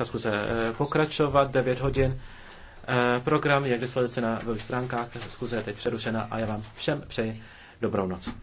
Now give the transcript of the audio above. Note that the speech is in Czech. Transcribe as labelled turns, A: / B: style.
A: ta zkuze eh, pokračovat, 9 hodin. Eh, program je k dispozici na webových stránkách, zkuze je teď přerušena a já vám všem přeji dobrou noc.